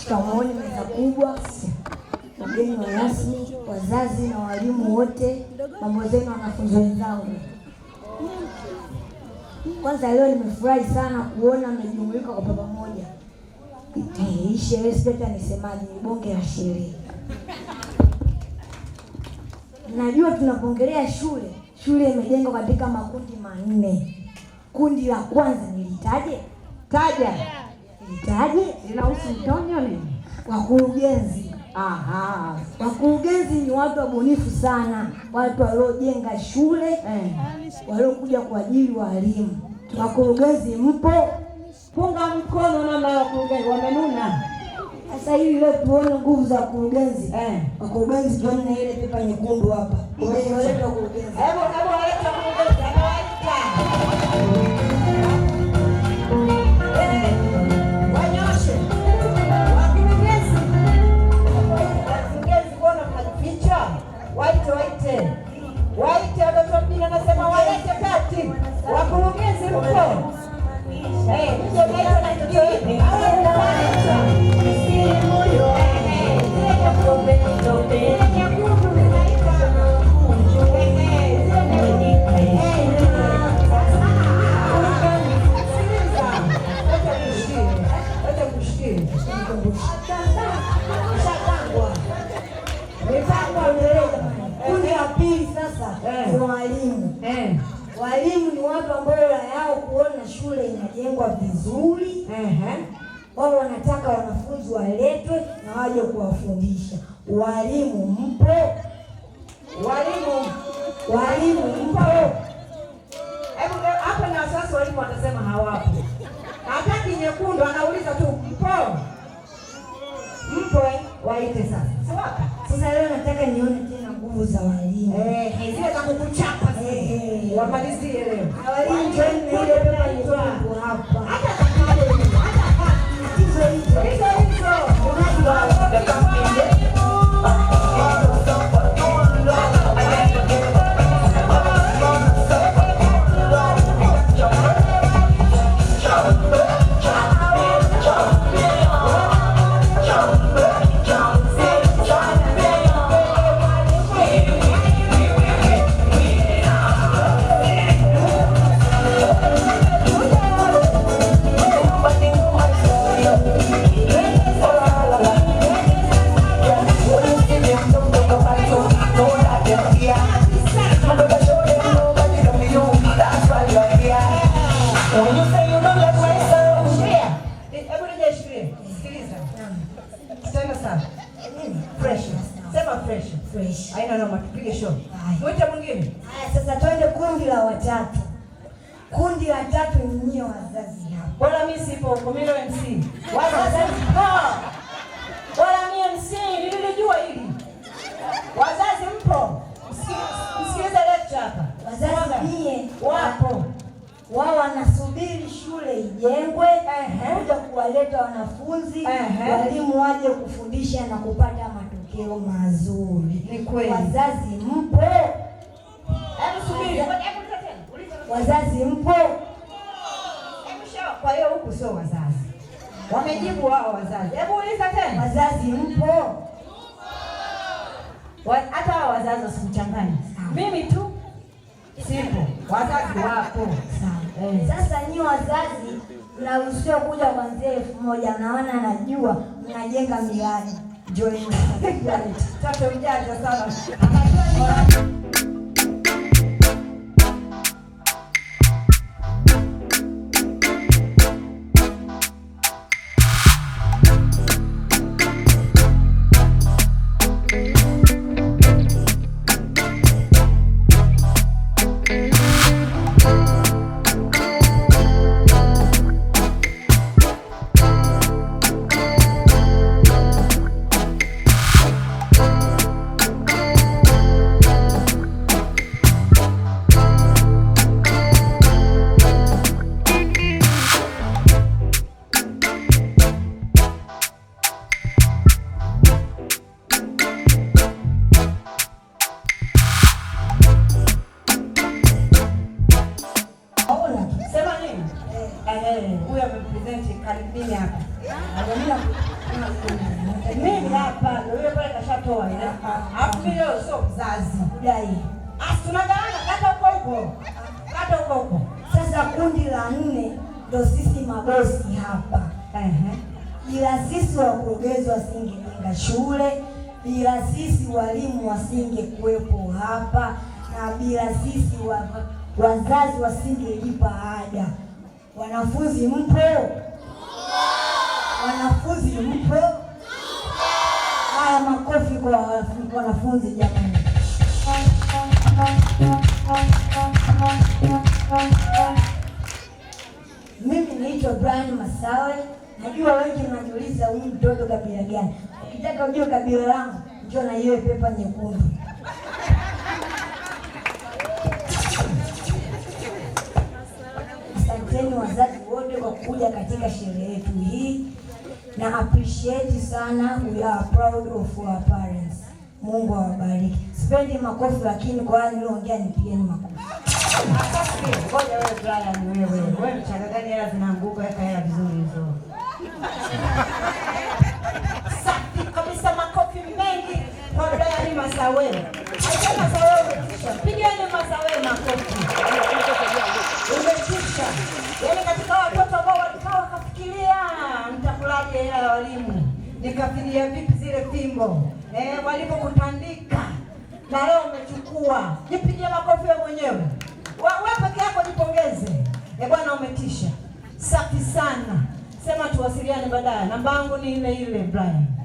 Shikamooni meza kubwa, mgeni wa rasmi, wazazi na walimu wote, mambo zenu, wanafunzi wenzangu. Kwanza leo nimefurahi sana kuona mmejumuika kwa pamoja. Hii sherehe nisemaje, ni bonge la sherehe. Najua tunapongelea shule, shule imejengwa katika makundi manne. Kundi la kwanza nilitaje? Taja nitaje? Lausu Mtonyole, wakurugenzi. Aha, wakurugenzi ni watu wabunifu sana, watu waliojenga shule eh, waliokuja kwa ajili walimu. Wakurugenzi mpo, punga mkono namna wakurugenzi wamenuna. Sasa hivi leo tuone nguvu za wakurugenzi eh. Wakurugenzi tuone ile pepa nyekundu hapa Kundi la pili sasa ni walimu. Walimu ni watu ambao yao kuona shule inajengwa vizuri, wao wanataka wanafunzi waletwe na waje kuwafundisha. Walimu mpo? Walimu, walimu mpo? Hebu hapa na sasa walimu watasema hawapo. Hataki nyekundu, anauliza tu waite sasa. Sawa? Sasa leo nataka nione tena nguvu za walimu. Eh, zile za kukuchapa. Eh, eh, wamalizie leo. Walimu ndio ile Haina noma, tupige show. Wote mwingine. Haya sasa twende kundi la watatu. Kundi la tatu ni nyie wazazi hapa. Bora mimi sipo huko, mimi ndo MC. Wazazi kwa. Wala mimi MC, nilijua hili. Wazazi mpo. Msikilize lecture hapa. Wazazi nyie wapo. Wao wanasubiri shule ijengwe kuja kuwaleta wanafunzi, walimu waje kufundisha na kupata matokeo mazuri. Ni kweli. Wazazi mpo? Hebu subiri. hebu tena. Wazazi mpo? Kwa hiyo huku sio wazazi. Wamejibu wao wazazi. Hebu uliza tena. Wazazi mpo? Hata wa, wazazi wasimchanganye. Mimi tu sipo. Wazazi wapo. Eh. Sasa nyi wazazi na usio kuja kuanzia elfu moja naona najua mnajenga miradi Join. Tatu sana. kumpresent karibuni hapa. Mimi hapa ndio yule pale kashatoa. Hapo mimi leo sio mzazi. Kudai. Ah, Tunagawana kata huko huko. Kata huko huko. Sasa kundi la nne ndio sisi mabosi hapa. Ehe. Bila sisi wakurugenzi wasingejenga shule, bila sisi walimu wasingekuwepo hapa na bila sisi wazazi wasingelipa ada. Wanafunzi mpo? Wanafunzi mpo? Haya, makofi kwa wanafunzi jamani. Mimi naitwa Brian Masawe. Najua wengi mnaniuliza huyu mtoto kabila gani? Ukitaka ujue kabila langu, njoo na hiyo pepa nyekundu. asanteni wazazi wote kwa kuja katika sherehe yetu hii, na appreciate sana, we are proud of our parents. Mungu awabariki. Sipendi makofi, lakini kwa wale nilioongea nipigeni makofi. Ngoja wewe ni wewe wewe mchanga gani, hela zinaanguka, weka hela vizuri hizo. Safi kabisa, makofi mengi kwa Brian Masawe. Masawe ulizisafiria vipi zile fimbo eh, walipokutandika na leo umechukua? Jipigie makofi wewe mwenyewe, wewe peke yako, jipongeze. E bwana, umetisha. Safi sana, sema tuwasiliane baadaye, namba yangu ni ile ile Brian.